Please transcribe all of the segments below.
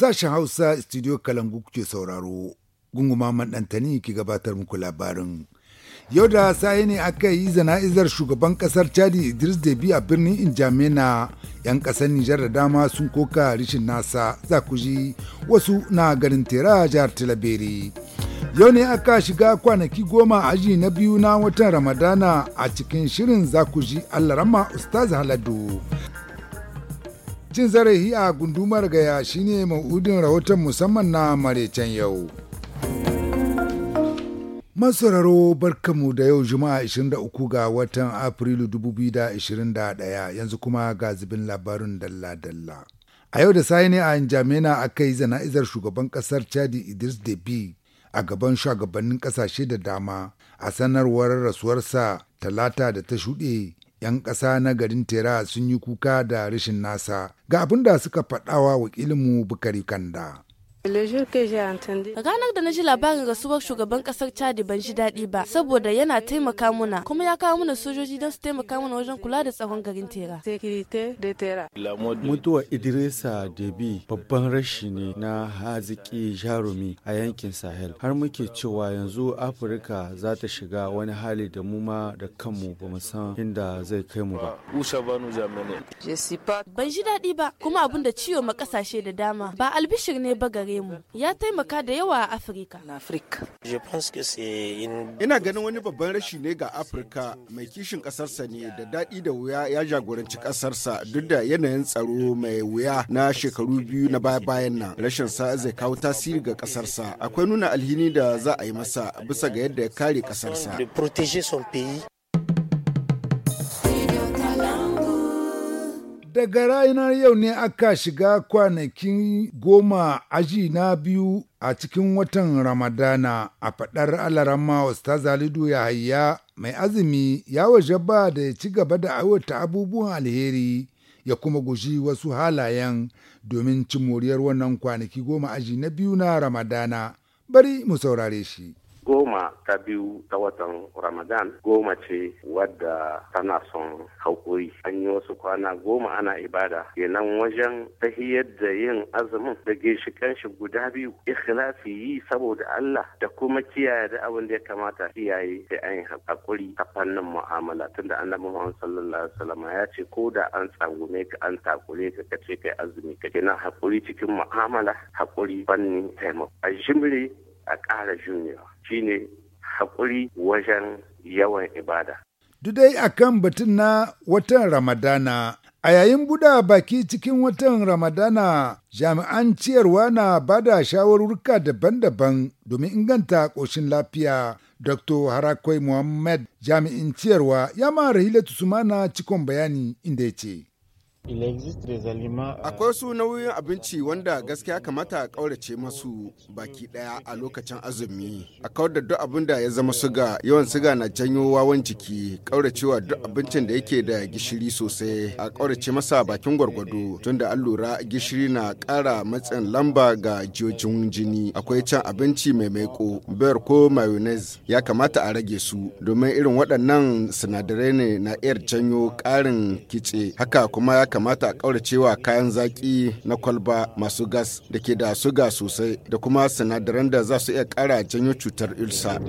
Sashen Hausa Studio Kalangu kuke sauraro, gunguma ɗantani ke gabatar muku labarin. Yau da saye ne aka yi zana'izar shugaban ƙasar Chadi Idris Debi a birnin Injamena. 'Yan ƙasar Nijar da dama sun koka rishin nasa za ku ji wasu na garin Tera jihar Talabere. Yau ne aka shiga kwanaki goma aji na biyu na watan Ramadana a cikin shirin za ku ji Allah Rama Ustaz Haladu. Cin zarafi a gundumar gaya shine ma'udin rahoton musamman na maraicen yau. Masararo barkamu da yau Juma'a 23 ga watan Afrilu 2021 yanzu kuma ga zubin labarin dalla-dalla. A yau da sai ne a Njamena aka yi zana'izar shugaban kasar Chadi Idris Deby a gaban shugabannin kasashe da dama a sanarwar rasuwarsa talata da ta shuɗe 'yan ƙasa na garin tera sun yi kuka da rashin nasa ga abin da suka faɗawa wakilinmu bukari kanda Ranar da na ji labarin rasuwar shugaban kasar Chadi ban ji daɗi ba, saboda yana taimaka mana kuma ya kawo mana sojoji don su taimaka mana wajen kula da tsawon garin Tera. Mutuwar Idrisa Debi babban rashi ne na haziki jarumi a yankin Sahel. Har muke cewa yanzu Afirka za ta shiga wani hali da mu ma da kanmu ba san inda zai kai mu ba. Ban ji daɗi ba, kuma abin da ciwo ma ƙasashe da dama, ba albishir ne ba gare mu ya taimaka da yawa a Afirka. Ina ganin wani babban rashi ne ga Afirka mai kishin kasarsa ne da daɗi da wuya ya jagoranci kasarsa duk da yanayin tsaro mai wuya na shekaru biyu na baya-bayan nan. Rashin sa zai kawo tasiri ga kasarsa Akwai nuna alhini da za a yi masa bisa ga yadda ya kare kasarsa. Daga ranar yau ne aka shiga kwanakin goma aji na biyu a cikin watan Ramadana a faɗar alarama zalidu ya haya mai azumi ya waje ba da ya ci gaba da aiwata abubuwan alheri ya kuma guji wasu halayen domin cimoriyar wannan kwanaki goma aji na biyu na Ramadana. Bari mu saurare shi. goma ta biyu ta watan ramadan goma ce wadda tana son haƙuri an yi wasu kwana goma ana ibada kenan wajen ta da yin azumin da ginshikan shi guda biyu ikhlasi yi saboda Allah da kuma kiyaye da abin da ya kamata kiyaye da an yi haƙuri a fannin mu'amala tunda annabi Muhammad sallallahu alaihi wasallam ya ce ko da an tsangume ka an takure ka kace kai azumi ka kenan haƙuri cikin mu'amala haƙuri fannin taimako a shimri a ƙara junior shine haƙuri wajen yawan ibada. Duk dai kan batun na watan Ramadana A yayin buɗa baki cikin watan Ramadana, jami'an ciyarwa na bada da shawarurka daban-daban domin inganta ƙoshin lafiya. Dr. Harakwai Muhammad jami'in ciyarwa ya ma Rahilatu Sumana cikon bayani inda ya ce. Euh, Akwai su nauyin abinci wanda gaskiya kamata a ƙaurace masu baki ɗaya a lokacin azumi. A kawar da duk abin da ya zama suga, yawan suga na janyo wawan jiki, ƙauracewa duk abincin da yake da gishiri sosai, a ƙaurace masa bakin gwargwado, tunda an lura gishiri na ƙara matsin lamba ga jiyojin jini. Akwai can abinci mai maiko, ko mayonnaise, ya kamata a rage su, domin irin waɗannan sinadarai ne na iya janyo ƙarin kitse. Haka kuma ya kamata a ƙauracewa kayan zaki na kwalba masu gas da ke da suga sosai da kuma sinadaran da za su iya kara janyo cutar ulsa.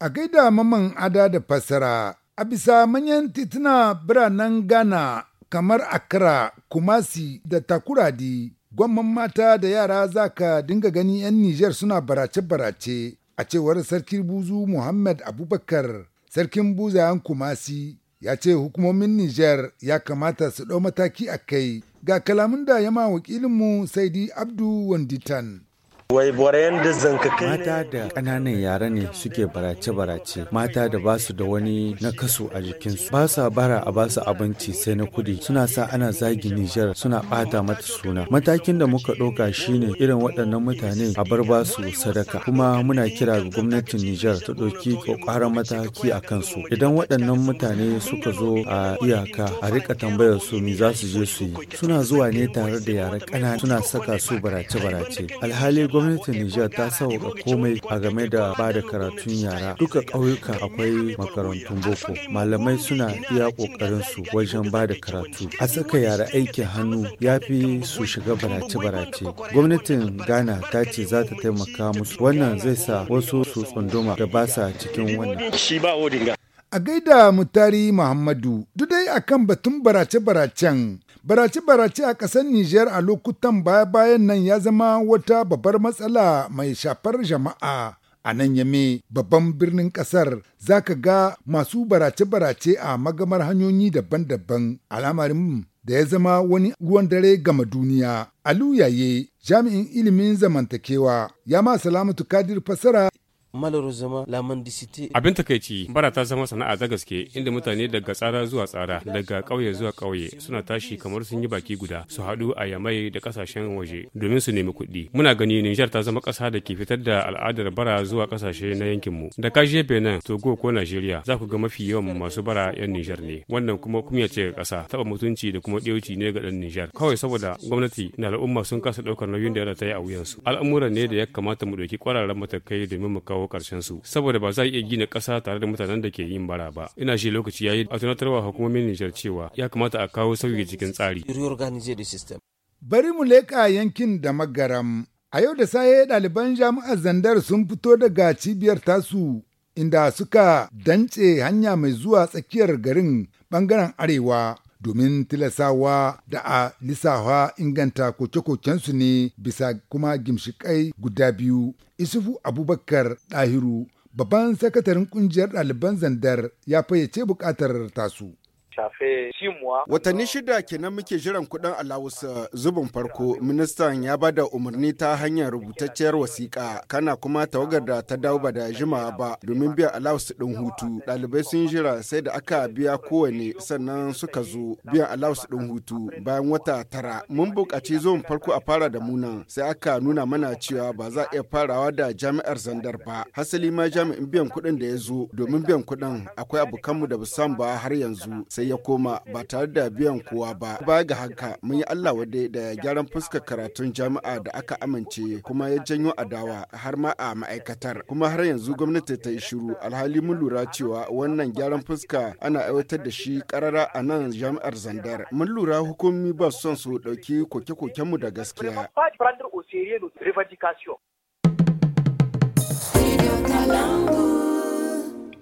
A gaida maman ada da fassara, a bisa manyan tituna biranen Ghana kamar Accra, Kumasi da Takuradi, gwamman mata da yara za ka dinga gani 'yan Nijar suna barace-barace a cewar Sarki Buzu Muhammad Abubakar, Sarkin Buzayen Kumasi. ya ce hukumomin Nijar ya kamata su ɗau mataki a kai ga kalamun da ya ma wakilinmu Saidi Abdu Wanditan. Mata da ƙananan yara ne suke barace-barace, mata da ba su da wani na nakasu a jikinsu. Ba sa bara a ba su abinci sai na kudi, suna sa ana zagi Nijar suna ɓata mata suna. Matakin da muka ɗauka shine irin waɗannan mutane a bar ba su sadaka, kuma muna kira ga gwamnatin Nijar ta ɗauki ƙwaƙwaran mataki a kansu. Idan waɗannan mutane suka zo a iyaka a rika tambayar su me za su je su yi. Suna zuwa ne tare da yara ƙanana suna saka su barace-barace. Alhali gwamnatin Nijar ta sauka komai a game da ba da karatun yara. Duka ƙauyuka akwai makarantun boko. Malamai suna iya ƙoƙarin su wajen ba da karatu. A saka yara aikin hannu ya fi su shiga barace-barace. Gwamnatin Ghana ta ce za ta taimaka musu. Wannan zai sa wasu su tsunduma da ba sa cikin wannan. A gaida Mutari Muhammadu, duk dai kan batun barace-baracen. Barace-barace a ƙasar Nijar a lokutan baya-bayan nan ya zama wata babbar matsala mai shafar jama'a. A nan yame babban birnin ƙasar za ka ga masu barace-barace a magamar hanyoyi daban-daban al'amarin da ya zama wani ruwan dare gama duniya. Alu yaye jami'in ilimin zamantakewa ya ma salamatu kadir fasara malheureusement la mendicité abin takaici bara ta zama sana'a ta gaske inda mutane daga tsara zuwa tsara daga ƙauye zuwa ƙauye suna tashi kamar sun yi baki guda su haɗu a yamai da ƙasashen waje domin su nemi kuɗi muna gani Nijar ta zama ƙasa da ke fitar da al'adar bara zuwa ƙasashe na yankinmu. da ka je Benin Togo ko Najeriya za ku ga mafi yawan masu bara yan Nijar ne wannan kuma kumya ce ga ƙasa taɓa mutunci da kuma ɗauci ne ga ɗan Nijar kawai saboda gwamnati da al'umma sun kasa ɗaukar nauyin da ya ta yi a wuyansu al'amuran ne da ya kamata mu ɗauki ƙwararren matakai domin mu kawo kawo karshen su saboda ba za a iya gina ƙasa tare da mutanen da ke yin bara ba ina shi lokaci yayi a tunatarwa hukumomin Nijar cewa ya kamata a kawo sauyi cikin tsari bari mu leka yankin da magaram a yau da saye ɗaliban jami'ar zandar sun fito daga cibiyar tasu inda suka dance hanya mai zuwa tsakiyar garin bangaren arewa domin tilasawa da a lissafa inganta koke-kokensu ne bisa kuma gimshikai guda biyu. Isufu Abubakar Ɗahiru, babban sakataren ƙungiyar ɗaliban zandar ya fayyace buƙatar tasu. Watanni shida kenan muke jiran kuɗin alawus uh, zubin farko ministan ya bada umarni ta hanyar rubutacciyar wasiƙa kana kuma tawagar da ta dawo ba da jima ba domin biyan alawus ɗin hutu ɗalibai sun jira sai da aka biya kowane sannan suka zo biyan alawus ɗin hutu bayan wata tara mun buƙaci zuwan farko a fara da muna sai aka nuna mana cewa ba za a iya farawa da jami'ar zandar ba hasali ma jami'in biyan kuɗin da ya zo domin biyan kuɗin akwai abokanmu da ba samu ba har yanzu sai ya koma ba tare da biyan kowa ba ba ga haka mun yi allah wadai da gyaran fuskar karatun jami'a da aka amince kuma ya janyo adawa har ma a ma'aikatar kuma har yanzu gwamnati ta yi shiru alhali mun lura cewa wannan gyaran fuska ana aiwatar da shi karara a nan jami'ar zandar mun lura hukumomi ba su son su ɗauki koke-kokenmu da gaskiya Video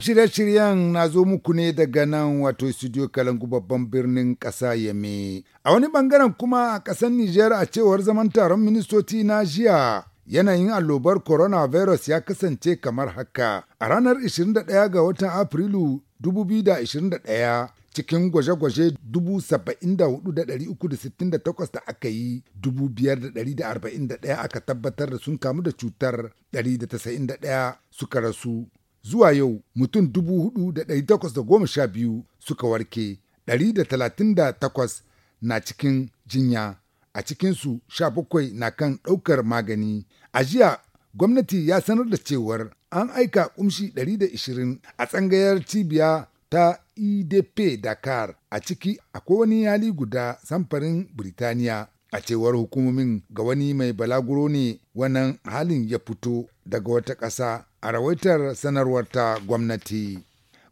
Shirye-shiryen na zo muku ne daga nan wato studio Kalangu babban birnin ƙasa Yame. A wani bangaren kuma a ƙasar Nijar a cewar zaman taron ministoci na jiya yanayin allobar coronavirus ya kasance kamar haka. A ranar 21 ga watan Afrilu 2021 cikin gwaje-gwaje 74,368 da aka yi 5,141 aka tabbatar da sun kamu da cutar 191 suka rasu zuwa yau mutum 4,812 suka warke 138 na cikin jinya a cikinsu 17 na kan ɗaukar magani a jiya gwamnati ya sanar da cewar an aika kumshi 120 a tsangayar cibiya ta idp e dakar a ciki akwai wani yali guda samfarin birtaniya a cewar hukumomin ga wani mai balaguro ne wannan halin ya fito daga wata ƙasa a rawaitar sanarwar ta gwamnati.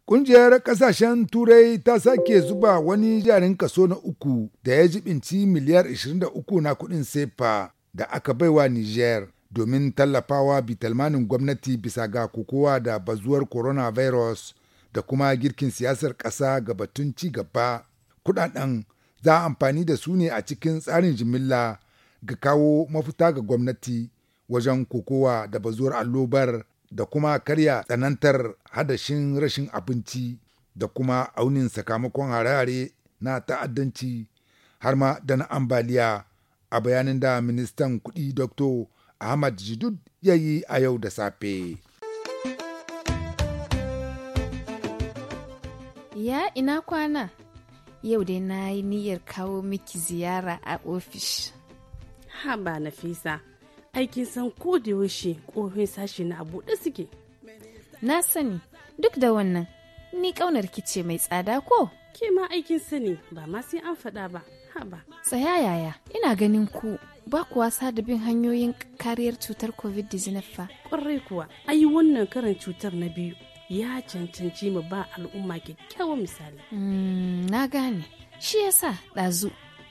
Ƙungiyar ƙasashen Turai ta sake zuba wani jarin kaso na uku da ya jibinci miliyar 23 na kuɗin sefa da aka baiwa Niger domin tallafawa bitalmanin gwamnati bisa ga kokowa da bazuwar coronavirus da kuma girkin siyasar ƙasa ga batun ci gaba. Kuɗaɗen za a amfani da su ne a cikin tsarin jimilla ga kawo mafita ga gwamnati wajen kokowa da bazuwar allobar da kuma karya tsanantar hadashin rashin abinci da kuma aunin sakamakon harare na ta'addanci har ma da na ambaliya a bayanin da ministan kuɗi dr ahmad jidud ya yi a yau da safe. Ya ina kwana? Yau dai na yi niyyar kawo miki ziyara a ofish Ha ba Nafisa, aikin san ko da yaushe kofin sashi na buɗe suke na sani duk da wannan ni ƙaunar kice mai tsada ko ke ma aikin sani ba ma sai an faɗa ba ba tsaya yaya ina ganin ku ba ku wasa da bin hanyoyin kariyar cutar covid-19 fa ƙwarai kuwa ayi wannan karin cutar na biyu ya cancanci mu ba al'umma kyakkyawan misali hmm, na gane shi yasa ɗazu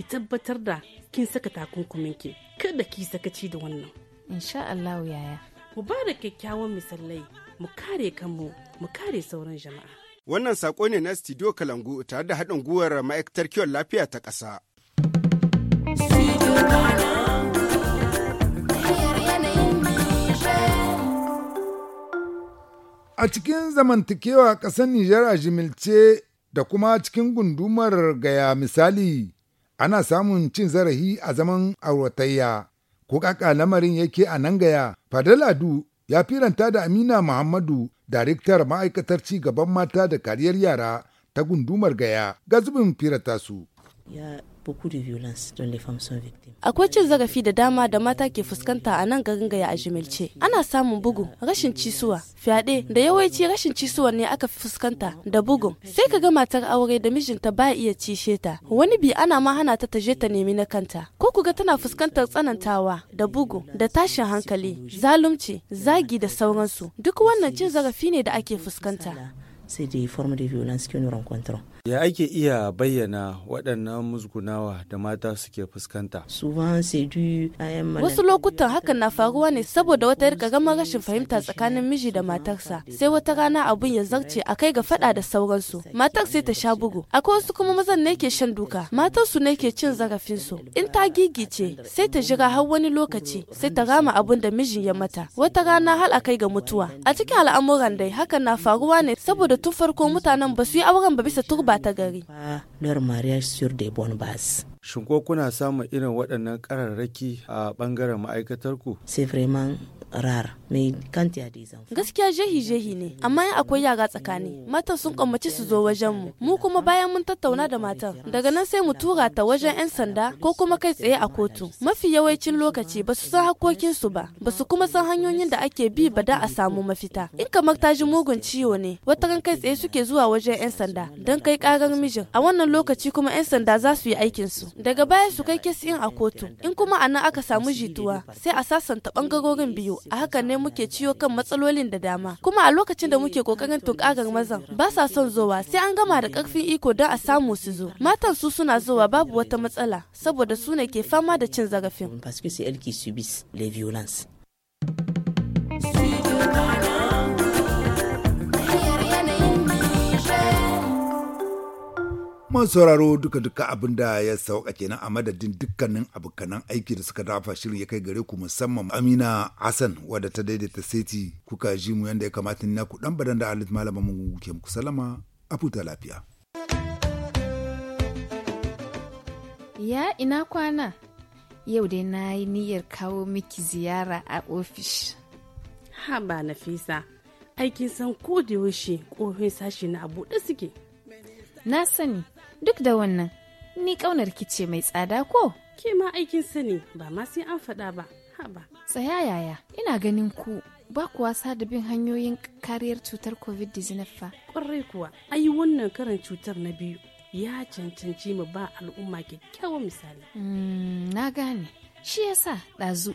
ki tabbatar da kin saka takunkumin ki kada ki sakaci da wannan insha Allah yaya mu ba da kyakkyawan misalai mu kare kanmu mu kare sauran jama'a wannan sako ne na studio kalangu tare da haɗin gwiwar ma'aikatar kiwon lafiya ta ƙasa a cikin zamantakewa ƙasar Nijar a jimilce da kuma cikin gundumar gaya misali ana samun cin zarafi a zaman auratayya. Ko ƙaƙa lamarin yake a nan gaya, Fadaladu ya firanta da Amina Muhammadu, daraktar ma'aikatar ci gaban mata da kariyar yara ta gundumar gaya, zubin firanta su. beaucoup de violence dont les femmes sont victimes. Akwai cin zarafi da dama da mata ke fuskanta a nan garin gaya a jimilce. Ana samun bugu, rashin cisuwa, fyaɗe da yawanci rashin cisuwa ne aka fuskanta da bugun. Sai ka ga matar aure da mijinta ba iya cishe ta. Wani bi ana ma hana ta taje ta nemi na kanta. Ko ku ga tana fuskantar tsanantawa da bugu da tashin hankali, zalunci, zagi da sauransu. Duk wannan cin zarafi ne da ake fuskanta. sai da forma de violence que nous rencontrons ya ake iya bayyana waɗannan musgunawa da mata suke fuskanta wasu lokutan hakan na faruwa ne saboda wata yarka gama rashin fahimta tsakanin miji da matarsa sai wata rana abun ya zarce a kai ga fada da sauransu matar sai ta sha bugu akwai wasu kuma mazan ne ke shan duka matarsu ne ke cin zarafinsu in ta gigice sai ta jira har wani lokaci sai ta rama abun da mijin ya mata wata rana har a kai ga mutuwa a cikin al'amuran dai hakan na faruwa ne saboda tun farko mutanen ba su yi auren ba bisa turba ta gari. Shin ko kuna samun irin waɗannan ƙararraki a ɓangaren ma'aikatar ku? ma'aikatarku? rar mai kanti a gaskiya jehi jehi ne amma in akwai yara tsakani matan sun kammaci su zo wajen mu mu kuma bayan mun tattauna da matan daga nan sai mu tura ta wajen yan sanda ko kuma kai tsaye a kotu mafi yawancin lokaci ba su san hakokin su ba ba su kuma san hanyoyin da ake bi ba da a samu mafita in kamar ta ji mugun ciwo ne wata ran kai tsaye suke zuwa wajen yan sanda don kai karar mijin a wannan lokaci kuma yan sanda za su yi aikin su daga baya su kai kesi in a kotu in kuma a nan aka samu jituwa sai a sasanta bangarorin biyu a haka ne muke ciyo kan matsalolin da dama. Kuma a lokacin da muke kokarin tunkarar mazan ba sa son zowa sai an gama da karfin iko don a samu su zo. Matan su suna zowa babu wata matsala saboda su ne ke fama da cin zarafin. sauraro duka-duka abin da ya sauka kenan a madadin dukkanin abokanan aiki da suka dafa shirin ya kai gare ku musamman amina hassan wadda ta daidaita seti kuka ji mu yadda ya kamata na ku dan badan da alit malama mu ke muku salama a futa lafiya ya ina kwana yau dai na yi niyyar kawo miki ziyara a ofis. ha ba nafisa aikin san ko da yaushe kofin sashi na abu da suke na sani duk da wannan ni kaunar ki ce mai tsada ko ke ma aikin sani ba ma sai an faɗa ba haba tsaya yaya ina ganin ku ba wasa da bin hanyoyin kariyar cutar covid-19 fa ƙwarai kuwa ayi wannan karin cutar na biyu ya cancanci mu ba al'umma kyakkyawan misali hmm, na gane shi yasa ɗazu